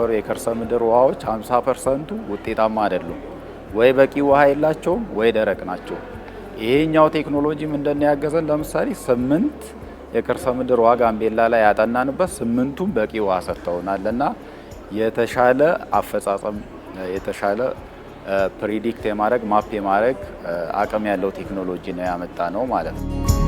የሚቆፈሩ የከርሰ ምድር ውሃዎች 50 ፐርሰንቱ ውጤታማ አይደሉም። ወይ በቂ ውሃ የላቸውም ወይ ደረቅ ናቸው። ይሄኛው ቴክኖሎጂ ምንድን ያገዘን? ለምሳሌ ስምንት የከርሰ ምድር ውሃ ጋምቤላ ላይ ያጠናንበት ስምንቱም በቂ ውሃ ሰጥተውናል እና የተሻለ አፈጻጸም የተሻለ ፕሪዲክት የማድረግ ማፕ የማድረግ አቅም ያለው ቴክኖሎጂ ነው ያመጣ ነው ማለት ነው።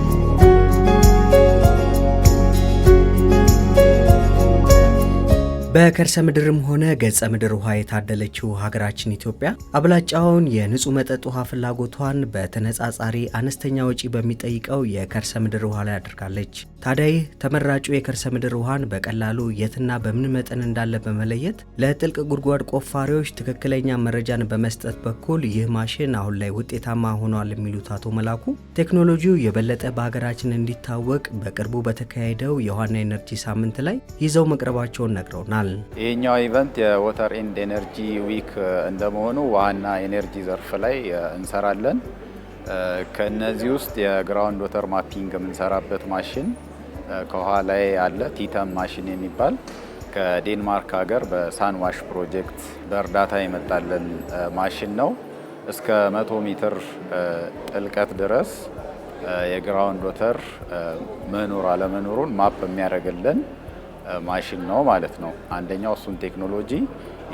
በከርሰ ምድርም ሆነ ገጸ ምድር ውሃ የታደለችው ሀገራችን ኢትዮጵያ አብላጫውን የንጹህ መጠጥ ውሃ ፍላጎቷን በተነጻጻሪ አነስተኛ ወጪ በሚጠይቀው የከርሰ ምድር ውሃ ላይ አድርጋለች። ታዲያ ይህ ተመራጩ የከርሰ ምድር ውሃን በቀላሉ የትና በምን መጠን እንዳለ በመለየት ለጥልቅ ጉድጓድ ቆፋሪዎች ትክክለኛ መረጃን በመስጠት በኩል ይህ ማሽን አሁን ላይ ውጤታማ ሆኗል የሚሉት አቶ መላኩ ቴክኖሎጂው የበለጠ በሀገራችን እንዲታወቅ በቅርቡ በተካሄደው የውሃና ኤነርጂ ሳምንት ላይ ይዘው መቅረባቸውን ነግረውናል። ይሆናል። ይህኛው ኢቨንት የወተር ኤንድ ኤነርጂ ዊክ እንደመሆኑ ውሃና ኤነርጂ ዘርፍ ላይ እንሰራለን። ከነዚህ ውስጥ የግራውንድ ወተር ማፒንግ የምንሰራበት ማሽን ከውሃ ላይ አለ፣ ቲተም ማሽን የሚባል ከዴንማርክ ሀገር በሳንዋሽ ፕሮጀክት በእርዳታ የመጣለን ማሽን ነው። እስከ 100 ሜትር ጥልቀት ድረስ የግራውንድ ወተር መኖር አለመኖሩን ማፕ የሚያደርግልን ማሽን ነው ማለት ነው። አንደኛው እሱን ቴክኖሎጂ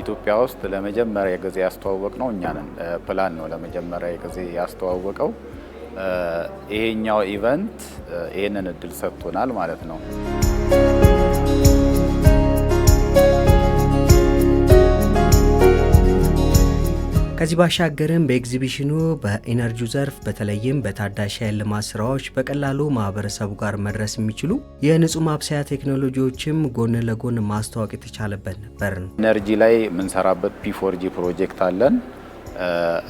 ኢትዮጵያ ውስጥ ለመጀመሪያ ጊዜ ያስተዋወቅ ነው እኛ ነን። ፕላን ነው ለመጀመሪያ ጊዜ ያስተዋወቀው። ይሄኛው ኢቨንት ይህንን እድል ሰጥቶናል ማለት ነው። ከዚህ ባሻገርም በኤግዚቢሽኑ በኢነርጂ ዘርፍ በተለይም በታዳሽ ኃይል ልማት ስራዎች በቀላሉ ማህበረሰቡ ጋር መድረስ የሚችሉ የንጹህ ማብሰያ ቴክኖሎጂዎችም ጎን ለጎን ማስተዋወቅ የተቻለበት ነበር። ኢነርጂ ላይ የምንሰራበት ፒፎርጂ ፕሮጀክት አለን።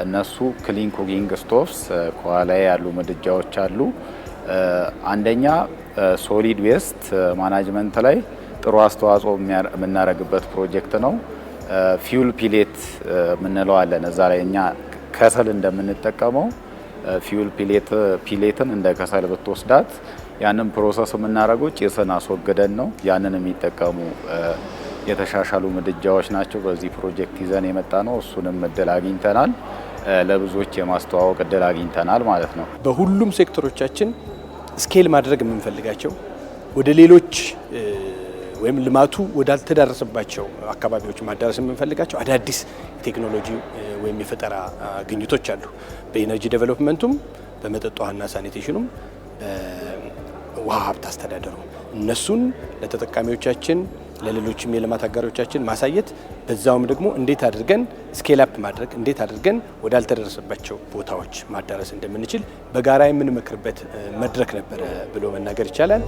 እነሱ ክሊን ኩኪንግ ስቶቭስ ከኋላ ያሉ ምድጃዎች አሉ። አንደኛ ሶሊድ ዌስት ማናጅመንት ላይ ጥሩ አስተዋጽኦ የምናደርግበት ፕሮጀክት ነው። ፊውል ፒሌት የምንለው አለን። እዛ ላይ እኛ ከሰል እንደምንጠቀመው ፊውል ፒሌትን እንደ ከሰል ብትወስዳት ያንን ፕሮሰስ የምናደርገው ጭስን አስወግደን ነው። ያንን የሚጠቀሙ የተሻሻሉ ምድጃዎች ናቸው። በዚህ ፕሮጀክት ይዘን የመጣ ነው። እሱንም እድል አግኝተናል፣ ለብዙዎች የማስተዋወቅ እድል አግኝተናል ማለት ነው። በሁሉም ሴክተሮቻችን ስኬል ማድረግ የምንፈልጋቸው ወደ ሌሎች ወይም ልማቱ ወዳልተዳረሰባቸው አካባቢዎች ማዳረስ የምንፈልጋቸው አዳዲስ ቴክኖሎጂ ወይም የፈጠራ ግኝቶች አሉ። በኢነርጂ ዴቨሎፕመንቱም፣ በመጠጥ ውሃና ሳኒቴሽኑም፣ ውሃ ሀብት አስተዳደሩ እነሱን ለተጠቃሚዎቻችን ለሌሎችም የልማት አጋሮቻችን ማሳየት በዛውም ደግሞ እንዴት አድርገን ስኬል አፕ ማድረግ እንዴት አድርገን ወዳልተደረሰባቸው ቦታዎች ማዳረስ እንደምንችል በጋራ የምንመክርበት መድረክ ነበረ ብሎ መናገር ይቻላል።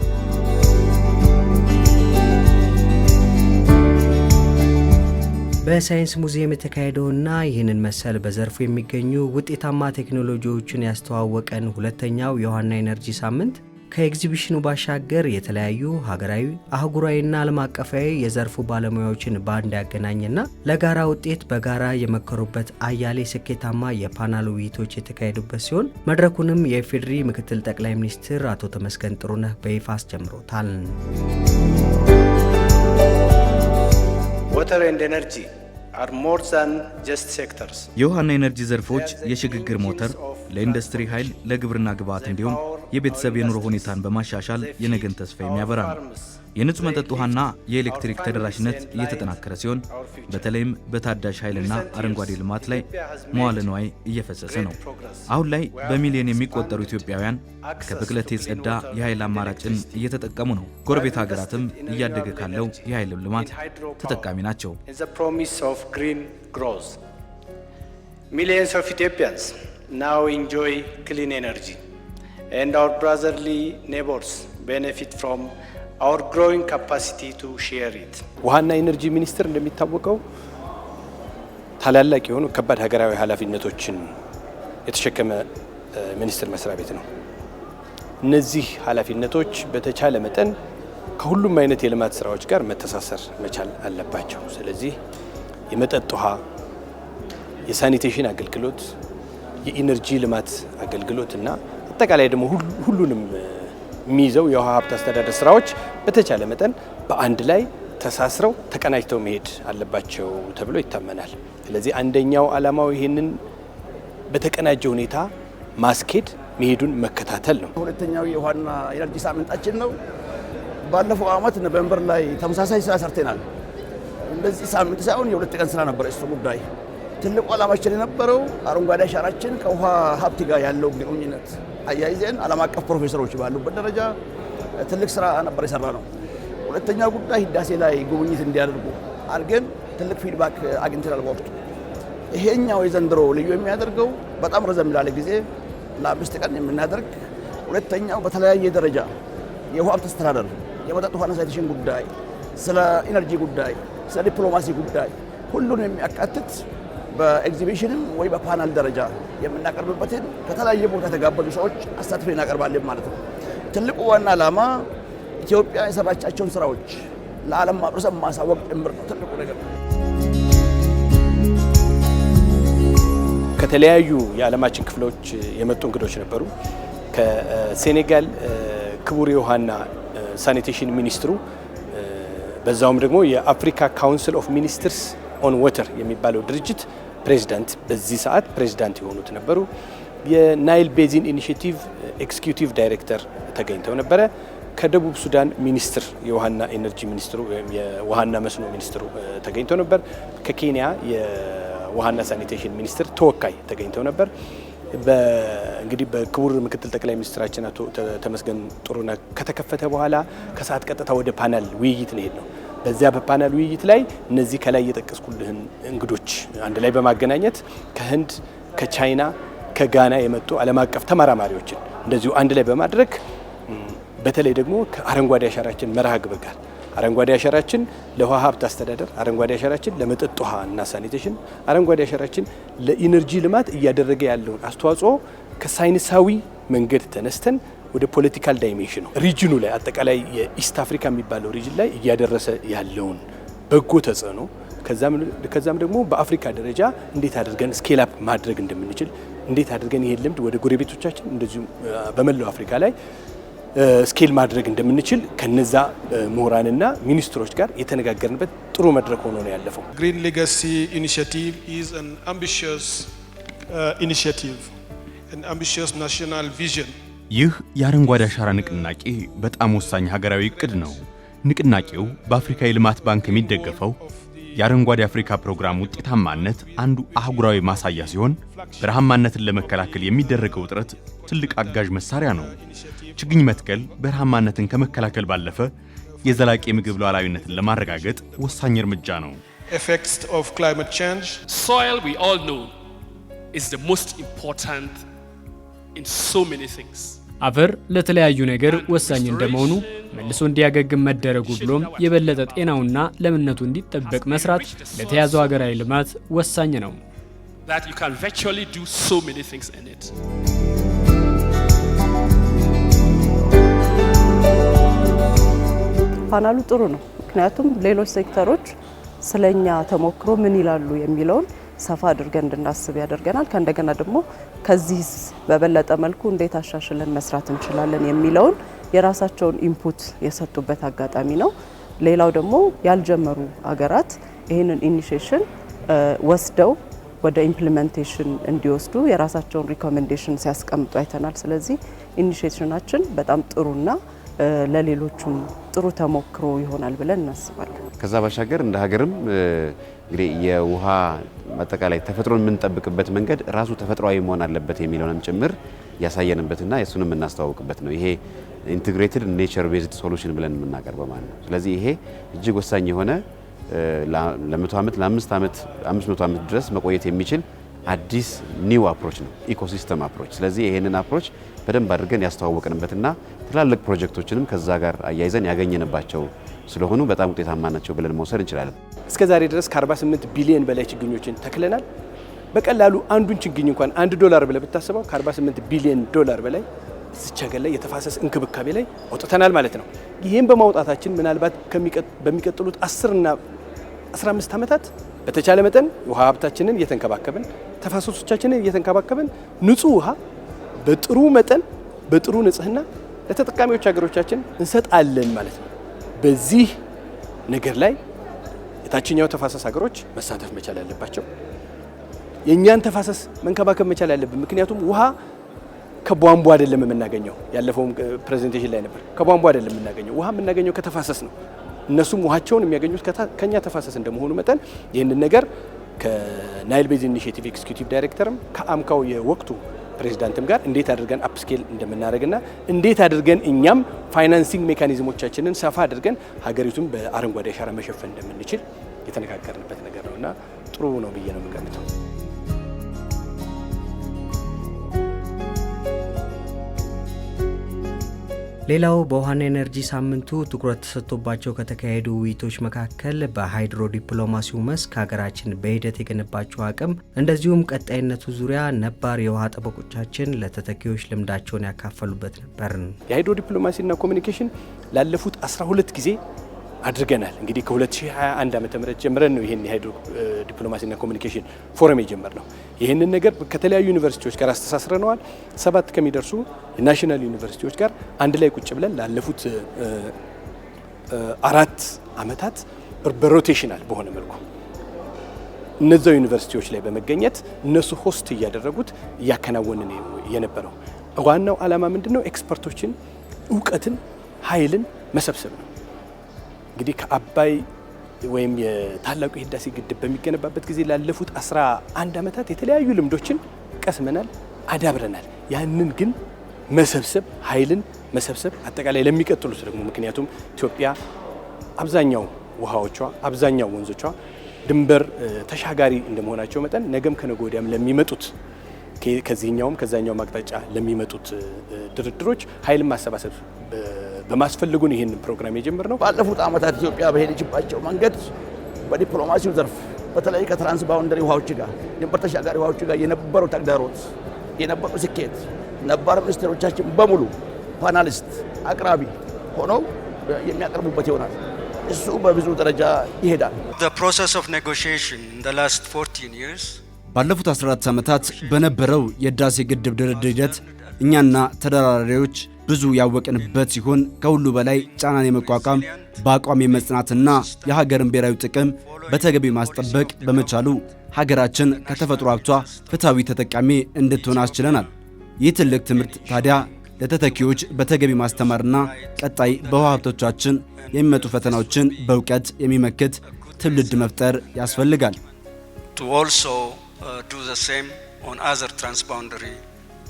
በሳይንስ ሙዚየም የተካሄደውና ይህንን መሰል በዘርፉ የሚገኙ ውጤታማ ቴክኖሎጂዎችን ያስተዋወቀን ሁለተኛው የውሃና ኢነርጂ ሳምንት ከኤግዚቢሽኑ ባሻገር የተለያዩ ሀገራዊ፣ አህጉራዊና ዓለም አቀፋዊ የዘርፉ ባለሙያዎችን በአንድ ያገናኝና ለጋራ ውጤት በጋራ የመከሩበት አያሌ ስኬታማ የፓናል ውይይቶች የተካሄዱበት ሲሆን መድረኩንም የኢፌዴሪ ምክትል ጠቅላይ ሚኒስትር አቶ ተመስገን ጥሩነህ በይፋ አስጀምሮታል። ዋተር and ኤነርጂ are የውሃና ኤነርጂ ዘርፎች የሽግግር ሞተር ለኢንዱስትሪ ኃይል፣ ለግብርና ግብዓት እንዲሁም የቤተሰብ የኑሮ ሁኔታን በማሻሻል የነገን ተስፋ የሚያበራ ነው። የንጹህ መጠጥ ውሃና የኤሌክትሪክ ተደራሽነት እየተጠናከረ ሲሆን በተለይም በታዳሽ ኃይልና አረንጓዴ ልማት ላይ መዋለ ንዋይ እየፈሰሰ ነው። አሁን ላይ በሚሊዮን የሚቆጠሩ ኢትዮጵያውያን ከብክለት የጸዳ የኃይል አማራጭን እየተጠቀሙ ነው። ጎረቤት ሀገራትም እያደገ ካለው የኃይል ልማት ተጠቃሚ ናቸው። ሚሊዮንስ ኦፍ ኢትዮጵያንስ ናው ኢንጆይ ክሊን ኤነርጂ and our brotherly neighbors benefit from our growing capacity to share it። ውሃና ኢነርጂ ሚኒስቴር እንደሚታወቀው ታላላቅ የሆኑ ከባድ ሀገራዊ ኃላፊነቶችን የተሸከመ ሚኒስቴር መስሪያ ቤት ነው። እነዚህ ኃላፊነቶች በተቻለ መጠን ከሁሉም አይነት የልማት ስራዎች ጋር መተሳሰር መቻል አለባቸው። ስለዚህ የመጠጥ ውሃ፣ የሳኒቴሽን አገልግሎት፣ የኢነርጂ ልማት አገልግሎት እና አጠቃላይ ደግሞ ሁሉንም የሚይዘው የውሃ ሀብት አስተዳደር ስራዎች በተቻለ መጠን በአንድ ላይ ተሳስረው ተቀናጅተው መሄድ አለባቸው ተብሎ ይታመናል። ስለዚህ አንደኛው ዓላማው ይህንን በተቀናጀ ሁኔታ ማስኬድ መሄዱን መከታተል ነው። ሁለተኛው የውሃና ኤነርጂ ሳምንታችን ነው። ባለፈው ዓመት ኖቬምበር ላይ ተመሳሳይ ስራ ሰርተናል። እንደዚህ ሳምንት ሳይሆን የሁለት ቀን ስራ ነበር እሱ ጉዳይ ትልቁ ዓላማችን የነበረው አረንጓዴ አሻራችን ከውሃ ሀብት ጋር ያለው ግንኙነት አያይዘን ዓለም አቀፍ ፕሮፌሰሮች ባሉበት ደረጃ ትልቅ ስራ ነበር የሰራ ነው። ሁለተኛ ጉዳይ ህዳሴ ላይ ጉብኝት እንዲያደርጉ አድርገን ትልቅ ፊድባክ አግኝተናል በወቅቱ። ይሄኛው የዘንድሮ ልዩ የሚያደርገው በጣም ረዘም ላለ ጊዜ ለአምስት ቀን የምናደርግ ሁለተኛው በተለያየ ደረጃ የውሃ ሀብት አስተዳደር፣ የመጠጥ ውሃ ጉዳይ፣ ስለ ኢነርጂ ጉዳይ፣ ስለ ዲፕሎማሲ ጉዳይ ሁሉን የሚያካትት በኤግዚቢሽንም ወይ በፓናል ደረጃ የምናቀርብበትን ከተለያየ ቦታ የተጋበዙ ሰዎች አሳትፈን እናቀርባለን ማለት ነው። ትልቁ ዋና ዓላማ ኢትዮጵያ የሰራቻቸውን ስራዎች ለዓለም ማህበረሰብ ማሳወቅ ጭምር ነው ትልቁ ነገር። ከተለያዩ የዓለማችን ክፍሎች የመጡ እንግዶች ነበሩ። ከሴኔጋል ክቡር የውሃና ሳኒቴሽን ሚኒስትሩ በዛውም ደግሞ የአፍሪካ ካውንስል ኦፍ ሚኒስትርስ ኦን ወተር የሚባለው ድርጅት ፕሬዚዳንት በዚህ ሰዓት ፕሬዚዳንት የሆኑት ነበሩ። የናይል ቤዚን ኢኒሽቲቭ ኤክስኪዩቲቭ ዳይሬክተር ተገኝተው ነበረ። ከደቡብ ሱዳን ሚኒስትር የውሃና ኤነርጂ ሚኒስትሩ የውሃና መስኖ ሚኒስትሩ ተገኝተው ነበር። ከኬንያ የውሃና ሳኒቴሽን ሚኒስትር ተወካይ ተገኝተው ነበር። እንግዲህ በክቡር ምክትል ጠቅላይ ሚኒስትራችን አቶ ተመስገን ጥሩነህ ከተከፈተ በኋላ ከሰዓት ቀጥታ ወደ ፓናል ውይይት ነው የሄድ ነው። በዚያ በፓናል ውይይት ላይ እነዚህ ከላይ የጠቀስኩልህን እንግዶች አንድ ላይ በማገናኘት ከህንድ፣ ከቻይና፣ ከጋና የመጡ ዓለም አቀፍ ተመራማሪዎችን እንደዚሁ አንድ ላይ በማድረግ በተለይ ደግሞ ከአረንጓዴ አሻራችን መርሃ ግብር ጋር አረንጓዴ አሻራችን ለውሃ ሀብት አስተዳደር፣ አረንጓዴ አሻራችን ለመጠጥ ውሃ እና ሳኒቴሽን፣ አረንጓዴ አሻራችን ለኢነርጂ ልማት እያደረገ ያለውን አስተዋጽኦ ከሳይንሳዊ መንገድ ተነስተን ወደ ፖለቲካል ዳይሜንሽኑ ሪጅኑ ላይ አጠቃላይ የኢስት አፍሪካ የሚባለው ሪጅን ላይ እያደረሰ ያለውን በጎ ተጽዕኖ ከዛም ደግሞ በአፍሪካ ደረጃ እንዴት አድርገን ስኬል አፕ ማድረግ እንደምንችል እንዴት አድርገን ይሄን ልምድ ወደ ጎረቤቶቻችን እንደዚሁም በመላው አፍሪካ ላይ ስኬል ማድረግ እንደምንችል ከነዛ ምሁራንና ሚኒስትሮች ጋር የተነጋገርንበት ጥሩ መድረክ ሆኖ ነው ያለፈው። ግሪን ሌጋሲ ኢኒሺየቲቭ ኢዝ አን አን ናሽናል ቪዥን ይህ የአረንጓዴ አሻራ ንቅናቄ በጣም ወሳኝ ሀገራዊ እቅድ ነው። ንቅናቄው በአፍሪካ የልማት ባንክ የሚደገፈው የአረንጓዴ አፍሪካ ፕሮግራም ውጤታማነት አንዱ አህጉራዊ ማሳያ ሲሆን በረሃማነትን ለመከላከል የሚደረገው ጥረት ትልቅ አጋዥ መሳሪያ ነው። ችግኝ መትከል በረሃማነትን ከመከላከል ባለፈ የዘላቂ ምግብ ሉዓላዊነትን ለማረጋገጥ ወሳኝ እርምጃ ነው። ሶይል አፈር ለተለያዩ ነገር ወሳኝ እንደመሆኑ መልሶ እንዲያገግም መደረጉ ብሎም የበለጠ ጤናውና ለምነቱ እንዲጠበቅ መስራት ለተያዘው ሀገራዊ ልማት ወሳኝ ነው። ፓናሉ ጥሩ ነው። ምክንያቱም ሌሎች ሴክተሮች ስለኛ ተሞክሮ ምን ይላሉ የሚለውን ሰፋ አድርገን እንድናስብ ያደርገናል። ከእንደገና ደግሞ ከዚህ በበለጠ መልኩ እንዴት አሻሽለን መስራት እንችላለን የሚለውን የራሳቸውን ኢንፑት የሰጡበት አጋጣሚ ነው። ሌላው ደግሞ ያልጀመሩ አገራት ይህንን ኢኒሽሽን ወስደው ወደ ኢምፕሊመንቴሽን እንዲወስዱ የራሳቸውን ሪኮሜንዴሽን ሲያስቀምጡ አይተናል። ስለዚህ ኢኒሽሽናችን በጣም ጥሩና ለሌሎቹም ጥሩ ተሞክሮ ይሆናል ብለን እናስባለን። ከዛ ባሻገር እንደ ሀገርም እንግዲህ የውሃ አጠቃላይ ተፈጥሮን የምንጠብቅበት መንገድ ራሱ ተፈጥሯዊ መሆን አለበት የሚለውንም ጭምር ያሳየንበትና የእሱንም የምናስተዋውቅበት ነው። ይሄ ኢንትግሬትድ ኔቸር ቤዝድ ሶሉሽን ብለን የምናቀርበው ማለት ነው። ስለዚህ ይሄ እጅግ ወሳኝ የሆነ ለመቶ ዓመት ለአምስት ዓመት አምስት መቶ ዓመት ድረስ መቆየት የሚችል አዲስ ኒው አፕሮች ነው፣ ኢኮሲስተም አፕሮች። ስለዚህ ይህንን አፕሮች በደንብ አድርገን ያስተዋወቅንበትና ትላልቅ ፕሮጀክቶችንም ከዛ ጋር አያይዘን ያገኘንባቸው ስለሆኑ በጣም ውጤታማ ናቸው ብለን መውሰድ እንችላለን። እስከ ዛሬ ድረስ ከ48 ቢሊዮን በላይ ችግኞችን ተክለናል። በቀላሉ አንዱን ችግኝ እንኳን አንድ ዶላር ብለህ ብታስበው ከ48 ቢሊዮን ዶላር በላይ እዚች ሀገር ላይ የተፋሰስ እንክብካቤ ላይ አውጥተናል ማለት ነው። ይህም በማውጣታችን ምናልባት በሚቀጥሉት 10ና 15 ዓመታት በተቻለ መጠን ውሃ ሀብታችንን እየተንከባከብን ተፋሰሶቻችንን እየተንከባከብን ንጹህ ውሃ በጥሩ መጠን በጥሩ ንጽህና ለተጠቃሚዎች ሀገሮቻችን እንሰጣለን ማለት ነው። በዚህ ነገር ላይ የታችኛው ተፋሰስ ሀገሮች መሳተፍ መቻል ያለባቸው፣ የእኛን ተፋሰስ መንከባከብ መቻል ያለብን። ምክንያቱም ውሃ ከቧንቧ አይደለም የምናገኘው። ያለፈውም ፕሬዘንቴሽን ላይ ነበር። ከቧንቧ አይደለም የምናገኘው፣ ውሃ የምናገኘው ከተፋሰስ ነው። እነሱም ውሃቸውን የሚያገኙት ከኛ ተፋሰስ እንደመሆኑ መጠን ይህንን ነገር ከናይል ቤዝ ኢኒሽቲቭ ኤክስኪዩቲቭ ዳይሬክተርም ከአምካው የወቅቱ ፕሬዚዳንትም ጋር እንዴት አድርገን አፕስኬል እንደምናደርግና እንዴት አድርገን እኛም ፋይናንሲንግ ሜካኒዝሞቻችንን ሰፋ አድርገን ሀገሪቱን በአረንጓዴ አሻራ መሸፈን እንደምንችል የተነጋገርንበት ነገር ነው እና ጥሩ ነው ብዬ ነው የምገምተው። ሌላው በውሃና ኤነርጂ ሳምንቱ ትኩረት ተሰጥቶባቸው ከተካሄዱ ውይይቶች መካከል በሃይድሮ ዲፕሎማሲው መስክ ሀገራችን በሂደት የገነባቸው አቅም እንደዚሁም ቀጣይነቱ ዙሪያ ነባር የውሃ ጠበቆቻችን ለተተኪዎች ልምዳቸውን ያካፈሉበት ነበርን። የሃይድሮ ዲፕሎማሲና ኮሚኒኬሽን ላለፉት 12 ጊዜ አድርገናል። እንግዲህ ከ2021 ም ጀምረን ነው ይህን የሃይድሮ ዲፕሎማሲና ኮሚኒኬሽን ፎረም የጀመርነው። ይህንን ነገር ከተለያዩ ዩኒቨርሲቲዎች ጋር አስተሳስረነዋል። ሰባት ከሚደርሱ የናሽናል ዩኒቨርሲቲዎች ጋር አንድ ላይ ቁጭ ብለን ላለፉት አራት ዓመታት በሮቴሽናል በሆነ መልኩ እነዛው ዩኒቨርሲቲዎች ላይ በመገኘት እነሱ ሆስት እያደረጉት እያከናወንን የነበረው ዋናው ዓላማ ምንድን ነው? ኤክስፐርቶችን፣ እውቀትን፣ ኃይልን መሰብሰብ ነው። እንግዲህ ከአባይ ወይም የታላቁ የህዳሴ ግድብ በሚገነባበት ጊዜ ላለፉት አስራ አንድ ዓመታት የተለያዩ ልምዶችን ቀስመናል፣ አዳብረናል። ያንን ግን መሰብሰብ ኃይልን መሰብሰብ አጠቃላይ ለሚቀጥሉት ደግሞ ምክንያቱም ኢትዮጵያ አብዛኛው ውሃዎቿ አብዛኛው ወንዞቿ ድንበር ተሻጋሪ እንደመሆናቸው መጠን ነገም ከነገ ወዲያም ለሚመጡት ከዚህኛውም ከዛኛው አቅጣጫ ለሚመጡት ድርድሮች ኃይል ማሰባሰብ በማስፈልጉን ይህን ፕሮግራም የጀመርነው ባለፉት ዓመታት ኢትዮጵያ በሄደችባቸው መንገድ በዲፕሎማሲው ዘርፍ በተለይ ከትራንስ ባውንደሪ ውሃዎች ጋር ድንበር ተሻጋሪ ውሃዎች ጋር የነበሩ ተግዳሮት የነበሩ ስኬት ነባር ሚኒስትሮቻችን በሙሉ ፓናሊስት አቅራቢ ሆነው የሚያቀርቡበት ይሆናል። እሱ በብዙ ደረጃ ይሄዳል። ባለፉት 14 ዓመታት በነበረው የህዳሴ ግድብ ድርድር ሂደት እኛና ተደራዳሪዎች ብዙ ያወቅንበት ሲሆን ከሁሉ በላይ ጫናን የመቋቋም በአቋም የመጽናትና የሀገርን ብሔራዊ ጥቅም በተገቢ ማስጠበቅ በመቻሉ ሀገራችን ከተፈጥሮ ሀብቷ ፍትሐዊ ተጠቃሚ እንድትሆን አስችለናል። ይህ ትልቅ ትምህርት ታዲያ ለተተኪዎች በተገቢ ማስተማርና ቀጣይ በውሃ ሀብቶቻችን የሚመጡ ፈተናዎችን በእውቀት የሚመክት ትውልድ መፍጠር ያስፈልጋል። ዱ ዘ ሴም ኦን አዘር ትራንስባውንደሪ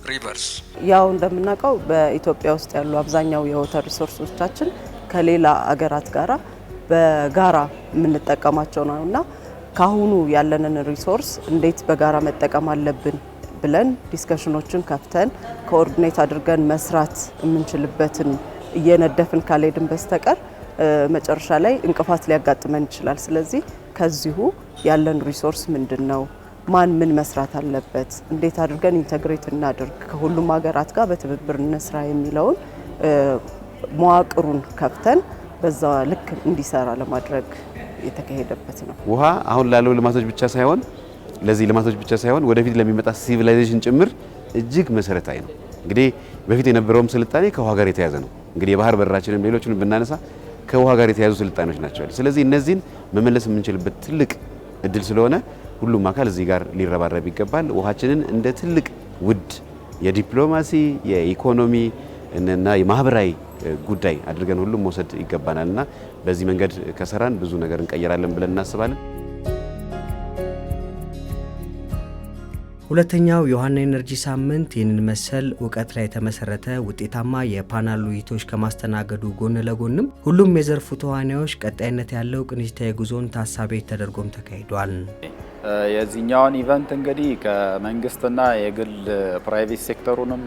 ሪቨርስ። ያው እንደምናውቀው በኢትዮጵያ ውስጥ ያሉ አብዛኛው የወተር ሪሶርሶቻችን ከሌላ አገራት ጋራ በጋራ የምንጠቀማቸው ነው እና ካሁኑ ያለንን ሪሶርስ እንዴት በጋራ መጠቀም አለብን ብለን ዲስከሽኖችን ከፍተን ኮኦርዲኔት አድርገን መስራት የምንችልበትን እየነደፍን ካልሄድን በስተቀር መጨረሻ ላይ እንቅፋት ሊያጋጥመን ይችላል። ስለዚህ ከዚሁ ያለን ሪሶርስ ምንድን ነው ማን ምን መስራት አለበት፣ እንዴት አድርገን ኢንተግሬት እናድርግ፣ ከሁሉም ሀገራት ጋር በትብብር እንስራ የሚለውን መዋቅሩን ከፍተን በዛ ልክ እንዲሰራ ለማድረግ የተካሄደበት ነው። ውሃ አሁን ላለው ልማቶች ብቻ ሳይሆን ለዚህ ልማቶች ብቻ ሳይሆን ወደፊት ለሚመጣ ሲቪላይዜሽን ጭምር እጅግ መሰረታዊ ነው። እንግዲህ በፊት የነበረውም ስልጣኔ ከውሃ ጋር የተያዘ ነው። እንግዲህ የባህር በራችንም ሌሎችን ብናነሳ ከውሃ ጋር የተያዙ ስልጣኔዎች ናቸው። ስለዚህ እነዚህን መመለስ የምንችልበት ትልቅ እድል ስለሆነ ሁሉም አካል እዚህ ጋር ሊረባረብ ይገባል። ውሃችንን እንደ ትልቅ ውድ የዲፕሎማሲ የኢኮኖሚ እና የማህበራዊ ጉዳይ አድርገን ሁሉም መውሰድ ይገባናል እና በዚህ መንገድ ከሰራን ብዙ ነገር እንቀይራለን ብለን እናስባለን። ሁለተኛው የውሃና ኤነርጂ ሳምንት ይህንን መሰል እውቀት ላይ የተመሰረተ ውጤታማ የፓናል ውይይቶች ከማስተናገዱ ጎን ለጎንም ሁሉም የዘርፉ ተዋናዮች ቀጣይነት ያለው ቅንጅታዊ ጉዞን ታሳቢ ተደርጎም ተካሂዷል። የዚህኛውን ኢቨንት እንግዲህ ከመንግስትና የግል ፕራይቬት ሴክተሩንም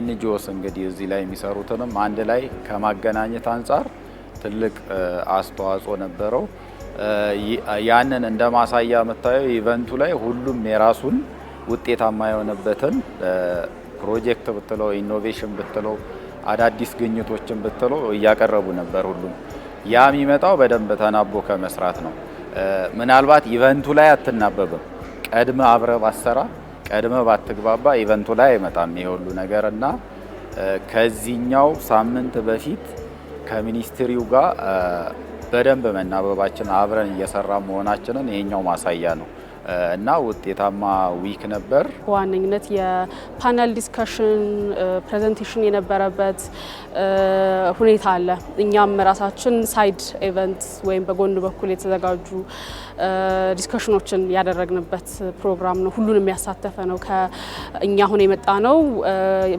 ኤንጂኦስ እንግዲህ እዚህ ላይ የሚሰሩትንም አንድ ላይ ከማገናኘት አንጻር ትልቅ አስተዋጽኦ ነበረው። ያንን እንደ ማሳያ የምታየው ኢቨንቱ ላይ ሁሉም የራሱን ውጤታማ የሆነበትን ፕሮጀክት ብትለው ኢኖቬሽን ብትለው አዳዲስ ግኝቶችን ብትለው እያቀረቡ ነበር። ሁሉም ያ የሚመጣው በደንብ ተናቦ ከመስራት ነው። ምናልባት ኢቨንቱ ላይ አትናበብም። ቀድመ አብረ ባሰራ ቀድመ ባትግባባ ኢቨንቱ ላይ አይመጣም ይሄ ሁሉ ነገር እና ከዚህኛው ሳምንት በፊት ከሚኒስትሪው ጋር በደንብ መናበባችን አብረን እየሰራ መሆናችንን ይሄኛው ማሳያ ነው። እና ውጤታማ ዊክ ነበር። በዋነኝነት የፓነል ዲስከሽን ፕሬዘንቴሽን የነበረበት ሁኔታ አለ። እኛም ራሳችን ሳይድ ኢቨንት ወይም በጎን በኩል የተዘጋጁ ዲስከሽኖችን ያደረግንበት ፕሮግራም ነው። ሁሉንም ያሳተፈ ነው። ከእኛ አሁን የመጣ ነው።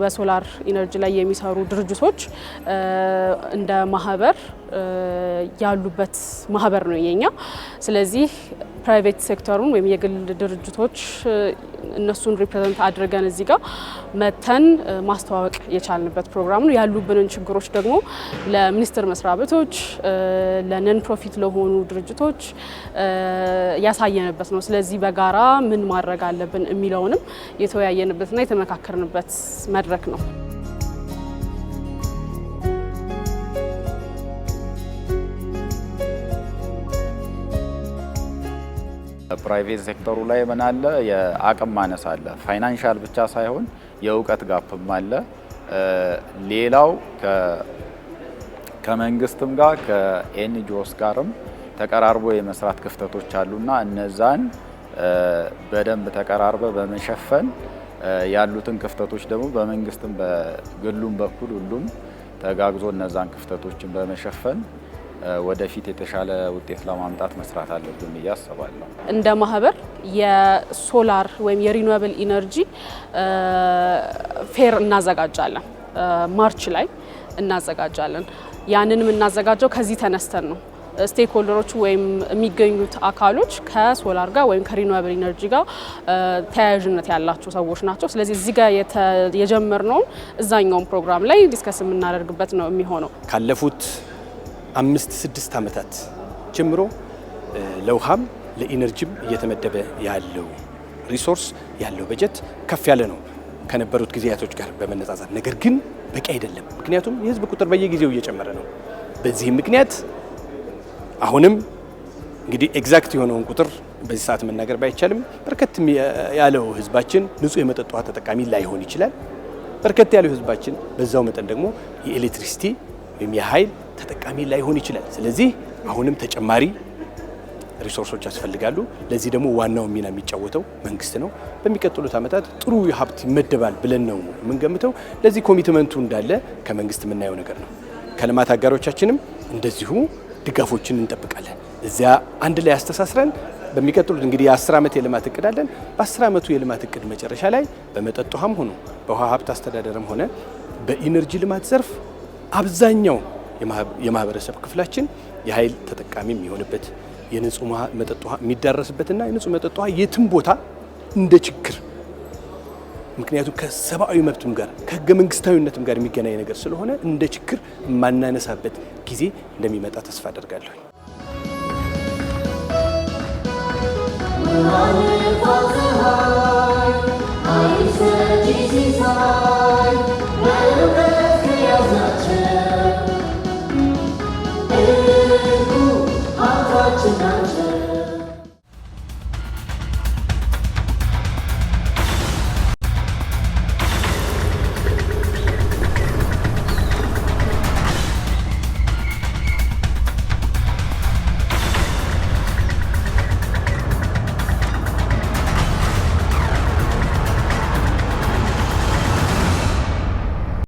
በሶላር ኢነርጂ ላይ የሚሰሩ ድርጅቶች እንደ ማህበር ያሉበት ማህበር ነው የኛ። ስለዚህ ፕራይቬት ሴክተሩን ወይም የግል ድርጅቶች እነሱን ሪፕሬዘንት አድርገን እዚህ ጋር መተን ማስተዋወቅ የቻልንበት ፕሮግራም ነው። ያሉብንን ችግሮች ደግሞ ለሚኒስቴር መስሪያ ቤቶች፣ ለነን ፕሮፊት ለሆኑ ድርጅቶች ያሳየንበት ነው። ስለዚህ በጋራ ምን ማድረግ አለብን የሚለውንም የተወያየንበትና የተመካከርንበት መድረክ ነው። ፕራይቬት ሴክተሩ ላይ ምን አለ? የአቅም ማነስ አለ። ፋይናንሻል ብቻ ሳይሆን የእውቀት ጋፕም አለ። ሌላው ከመንግስትም ጋር ከኤንጂኦስ ጋርም ተቀራርቦ የመስራት ክፍተቶች አሉና እነዛን በደንብ ተቀራርበ በመሸፈን ያሉትን ክፍተቶች ደግሞ በመንግስትም በግሉም በኩል ሁሉም ተጋግዞ እነዛን ክፍተቶችን በመሸፈን ወደፊት የተሻለ ውጤት ለማምጣት መስራት አለብን ብዬ አስባለሁ። እንደ ማህበር የሶላር ወይም የሪኒዌብል ኢነርጂ ፌር እናዘጋጃለን። ማርች ላይ እናዘጋጃለን። ያንን የምናዘጋጀው ከዚህ ተነስተን ነው። ስቴክሆልደሮች ወይም የሚገኙት አካሎች ከሶላር ጋር ወይም ከሪኒዌብል ኢነርጂ ጋር ተያያዥነት ያላቸው ሰዎች ናቸው። ስለዚህ እዚህ ጋር የጀመርነውን እዛኛውን ፕሮግራም ላይ ዲስከስ የምናደርግበት ነው የሚሆነው። ካለፉት አምስት ስድስት ዓመታት ጀምሮ ለውሃም ለኢነርጂም እየተመደበ ያለው ሪሶርስ ያለው በጀት ከፍ ያለ ነው ከነበሩት ጊዜያቶች ጋር በመነጻጸር ነገር ግን በቂ አይደለም። ምክንያቱም የህዝብ ቁጥር በየጊዜው እየጨመረ ነው። በዚህም ምክንያት አሁንም እንግዲህ ኤግዛክት የሆነውን ቁጥር በዚህ ሰዓት መናገር ባይቻልም በርከት ያለው ህዝባችን ንጹህ የመጠጥ ውሃ ተጠቃሚ ላይሆን ይችላል። በርከት ያለው ህዝባችን በዛው መጠን ደግሞ የኤሌክትሪሲቲ ወይም የኃይል ተጠቃሚ ላይሆን ይችላል። ስለዚህ አሁንም ተጨማሪ ሪሶርሶች ያስፈልጋሉ። ለዚህ ደግሞ ዋናው ሚና የሚጫወተው መንግስት ነው። በሚቀጥሉት ዓመታት ጥሩ ሀብት ይመደባል ብለን ነው የምንገምተው። ለዚህ ኮሚትመንቱ እንዳለ ከመንግስት የምናየው ነገር ነው። ከልማት አጋሮቻችንም እንደዚሁ ድጋፎችን እንጠብቃለን። እዚያ አንድ ላይ አስተሳስረን በሚቀጥሉት እንግዲህ የአስር ዓመት የልማት እቅድ አለን። በአስር ዓመቱ የልማት እቅድ መጨረሻ ላይ በመጠጥ ውሃም ሆኑ በውሃ ሀብት አስተዳደርም ሆነ በኢነርጂ ልማት ዘርፍ አብዛኛው የማህበረሰብ ክፍላችን የኃይል ተጠቃሚ የሚሆንበት የንጹህ መጠጥ ውሃ የሚዳረስበትና የንጹህ መጠጥ ውሃ የትም ቦታ እንደ ችግር ምክንያቱም ከሰብአዊ መብትም ጋር ከህገ መንግስታዊነትም ጋር የሚገናኝ ነገር ስለሆነ እንደ ችግር የማናነሳበት ጊዜ እንደሚመጣ ተስፋ አደርጋለሁ። I